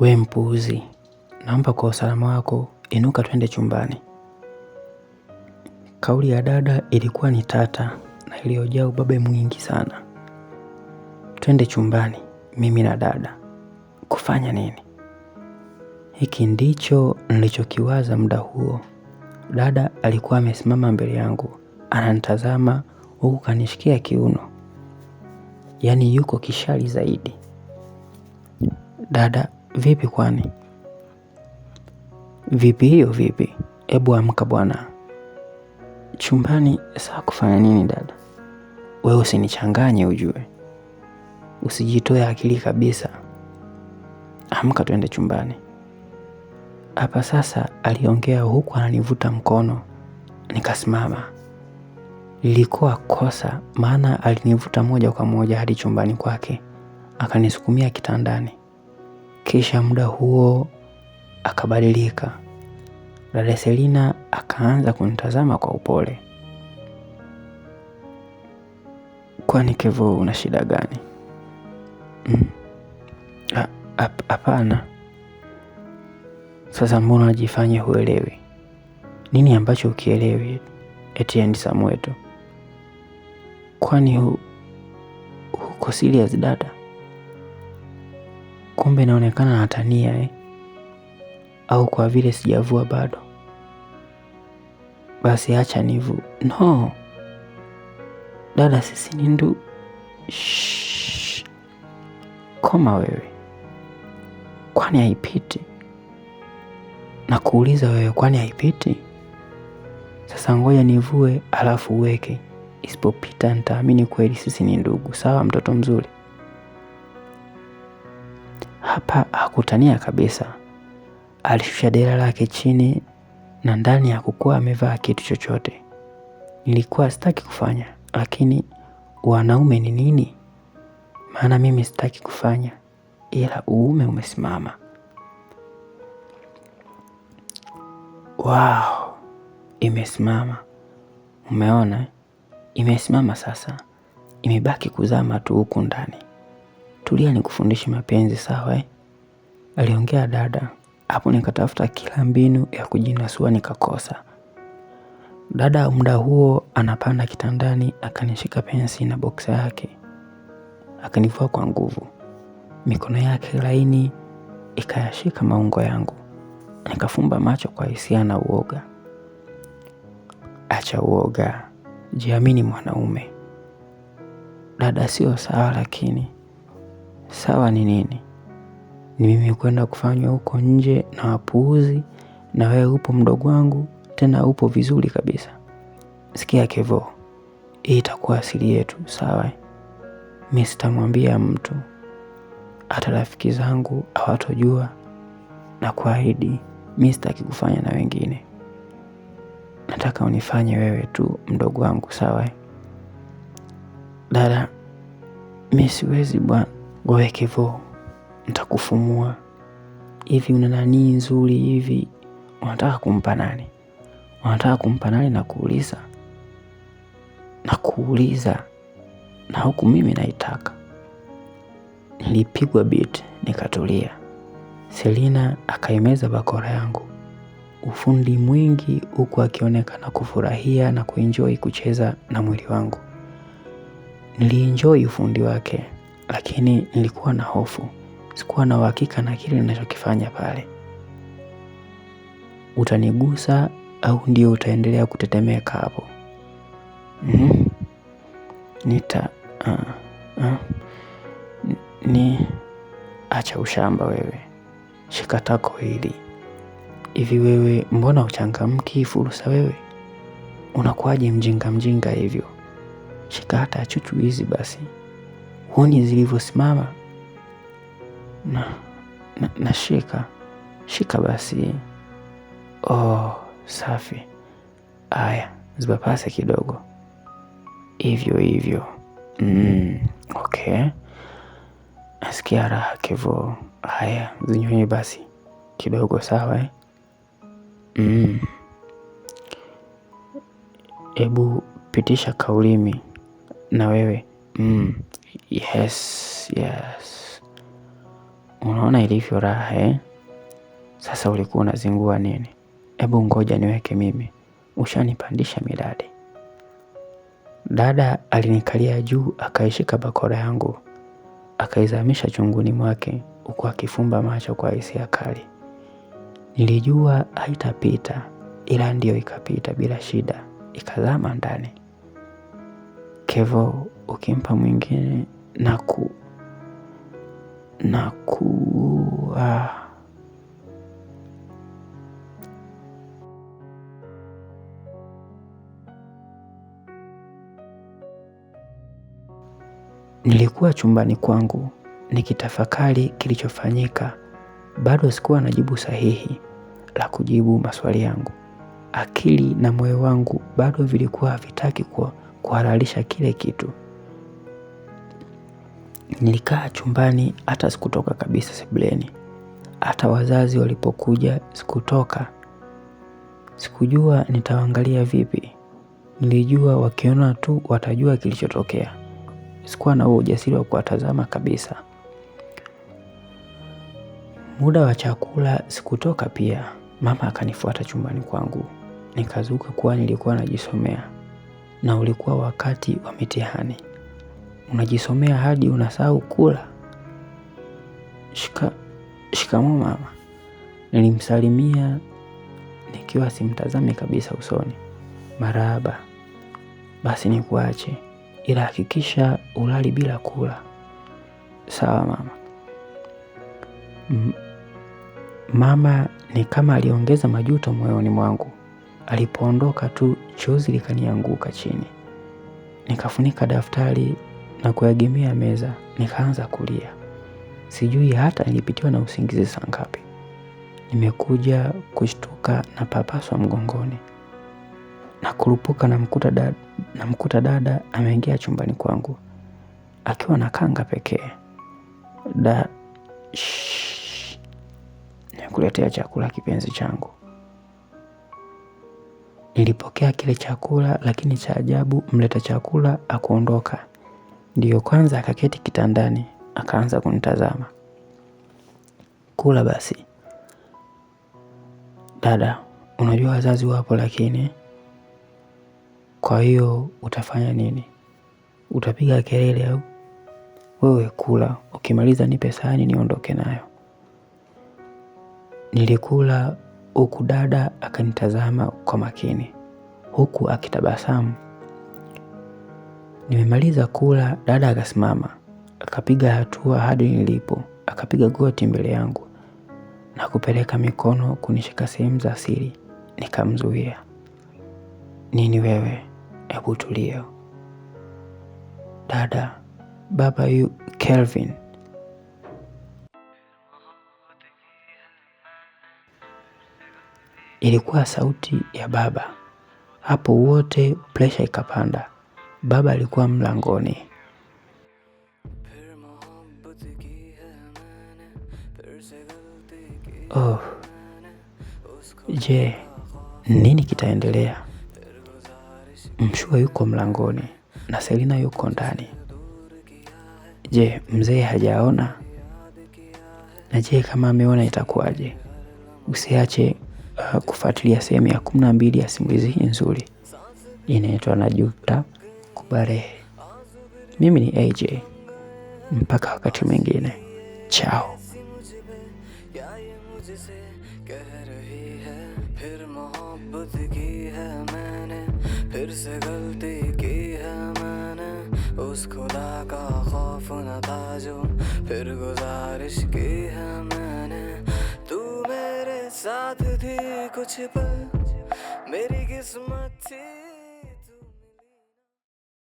We mpuuzi, naomba kwa usalama wako inuka twende chumbani. Kauli ya dada ilikuwa ni tata na iliyojaa ubabe mwingi sana. Twende chumbani, mimi na dada. Kufanya nini? Hiki ndicho nilichokiwaza muda huo. Dada alikuwa amesimama mbele yangu ananitazama, huku kanishikia kiuno, yaani yuko kishari zaidi. Dada Vipi kwani? Vipi hiyo vipi? hebu amka bwana. Chumbani saa kufanya nini dada? Wewe usinichanganye ujue. Usijitoe akili kabisa. Amka twende chumbani. Hapa sasa aliongea huku ananivuta mkono. Nikasimama. Lilikuwa kosa maana alinivuta moja kwa moja hadi chumbani kwake. Akanisukumia kitandani. Kisha muda huo akabadilika. Dada Selina akaanza kunitazama kwa upole. Kwani Kevo, una shida gani? Mm. Hapana. Mm. Sasa mbona unajifanya huelewi? Nini ambacho ukielewi? Etienne Samweto, kwani huko serious dada? Kumbe inaonekana natania eh? Au kwa vile sijavua bado, basi acha nivu. No dada, sisi ni ndu. Koma wewe, kwani haipiti? Nakuuliza wewe, kwani haipiti? Sasa ngoja nivue alafu uweke, isipopita nitaamini kweli sisi ni ndugu. Sawa, mtoto mzuri. Hapa hakutania kabisa, alishusha dera lake chini na ndani ya kukua amevaa kitu chochote. Nilikuwa sitaki kufanya, lakini wanaume ni nini? Maana mimi sitaki kufanya, ila uume umesimama. Wow, imesimama. Umeona, imesimama sasa, imebaki kuzama tu huku ndani tulia nikufundishe mapenzi sawa eh? Aliongea dada. Hapo nikatafuta kila mbinu ya kujinasua nikakosa. Dada muda huo anapanda kitandani, akanishika pensi na boksa yake, akanivua kwa nguvu. Mikono yake laini ikayashika maungo yangu, nikafumba macho kwa hisia na uoga. Acha uoga, jiamini mwanaume. Dada sio sawa, lakini sawa ni nini? Ni mimi kwenda kufanywa huko nje na wapuuzi, na wewe upo mdogo wangu, tena upo vizuri kabisa. Sikia Kevo, hii itakuwa asili yetu, sawa? Mi sitamwambia mtu, hata rafiki zangu hawatojua, na kuahidi mi sitaki kufanya na wengine. Nataka unifanye wewe tu mdogo wangu, sawa? Dada, mi siwezi bwana gowekevo ntakufumua hivi una nanii nzuri hivi unataka kumpa nani unataka kumpa nani nakuuliza nakuuliza na huku mimi naitaka nilipigwa beat nikatulia selina akaimeza bakora yangu ufundi mwingi huku akionekana kufurahia na kuenjoy kucheza na mwili wangu nilienjoy ufundi wake lakini nilikuwa na hofu, sikuwa na uhakika na kile ninachokifanya pale. Utanigusa au ndio utaendelea kutetemeka hapo? Mm-hmm. Nita uh, uh, ni acha ushamba wewe, shika tako hili. Hivi wewe mbona uchangamki fursa? Wewe unakuwaje mjinga mjinga hivyo? Shika hata chuchu hizi basi honi zilivyosimama na, na, na shika shika basi. Oh, safi. Aya, zibapase kidogo hivyo hivyo. Mm, okay, nasikia raha kivo aya zinyonye basi kidogo, sawa eh? Mm. Ebu pitisha kaulimi na wewe Mm, yes, yes. Unaona ilivyo raha eh? Sasa ulikuwa unazingua nini? Hebu ngoja niweke mimi, ushanipandisha midadi. Dada alinikalia juu, akaishika bakora yangu, akaizamisha chunguni mwake, huku akifumba macho kwa hisia kali. Nilijua haitapita, ila ndiyo ikapita bila shida, ikazama ndani. Kevo ukimpa mwingine na ku na ku ah. Nilikuwa chumbani kwangu nikitafakari kilichofanyika. Bado sikuwa na jibu sahihi la kujibu maswali yangu. Akili na moyo wangu bado vilikuwa havitaki kuhalalisha kile kitu. Nilikaa chumbani hata sikutoka kabisa sebuleni. Hata wazazi walipokuja sikutoka. Sikujua nitawaangalia vipi. Nilijua wakiona tu watajua kilichotokea. Sikuwa na huo ujasiri wa kuwatazama kabisa. Muda wa chakula sikutoka pia. Mama akanifuata chumbani kwangu. Nikazuka kuwa nilikuwa najisomea na ulikuwa wakati wa mitihani unajisomea hadi unasahau kula. Shika, mama, nilimsalimia nikiwa simtazami kabisa usoni. Marahaba, basi nikuache, ila hakikisha ulali bila kula. Sawa mama. M mama ni kama aliongeza majuto moyoni mwangu. Alipoondoka tu chozi likanianguka chini, nikafunika daftari na kuegemea meza, nikaanza kulia. Sijui hata nilipitiwa na usingizi saa ngapi. Nimekuja kushtuka na papaswa mgongoni na kurupuka, namkuta dada, namkuta dada ameingia chumbani kwangu akiwa na kanga pekee. Da, nimekuletea chakula kipenzi changu. Nilipokea kile chakula, lakini cha ajabu, mleta chakula akuondoka Ndiyo kwanza akaketi kitandani, akaanza kunitazama. Kula basi. Dada, unajua wazazi wapo lakini kwa hiyo utafanya nini? Utapiga kelele au? Wewe kula, ukimaliza nipe sahani niondoke nayo. Nilikula huku dada akanitazama kwa makini. Huku akitabasamu Nimemaliza kula, dada akasimama. Akapiga hatua hadi nilipo, akapiga goti mbele yangu na kupeleka mikono kunishika sehemu za siri. Nikamzuia. Nini wewe? Hebu tulia. Dada, baba yu Kelvin. Ilikuwa sauti ya baba. Hapo wote presha ikapanda. Baba alikuwa mlangoni. Oh, je, nini kitaendelea? Mshua yuko mlangoni na Selina yuko ndani. Je, mzee hajaona? Na je kama ameona itakuwaje? Usiache uh, kufuatilia sehemu ya kumi na mbili ya simulizi hii nzuri inaitwa Najuta. habari. Mimi ni AJ, mpaka wakati mwingine, chao. गलती की है मैंने उस खुदा का खौफ न था जो फिर गुजारिश की है मैंने तू मेरे साथ थी कुछ पल मेरी किस्मत थी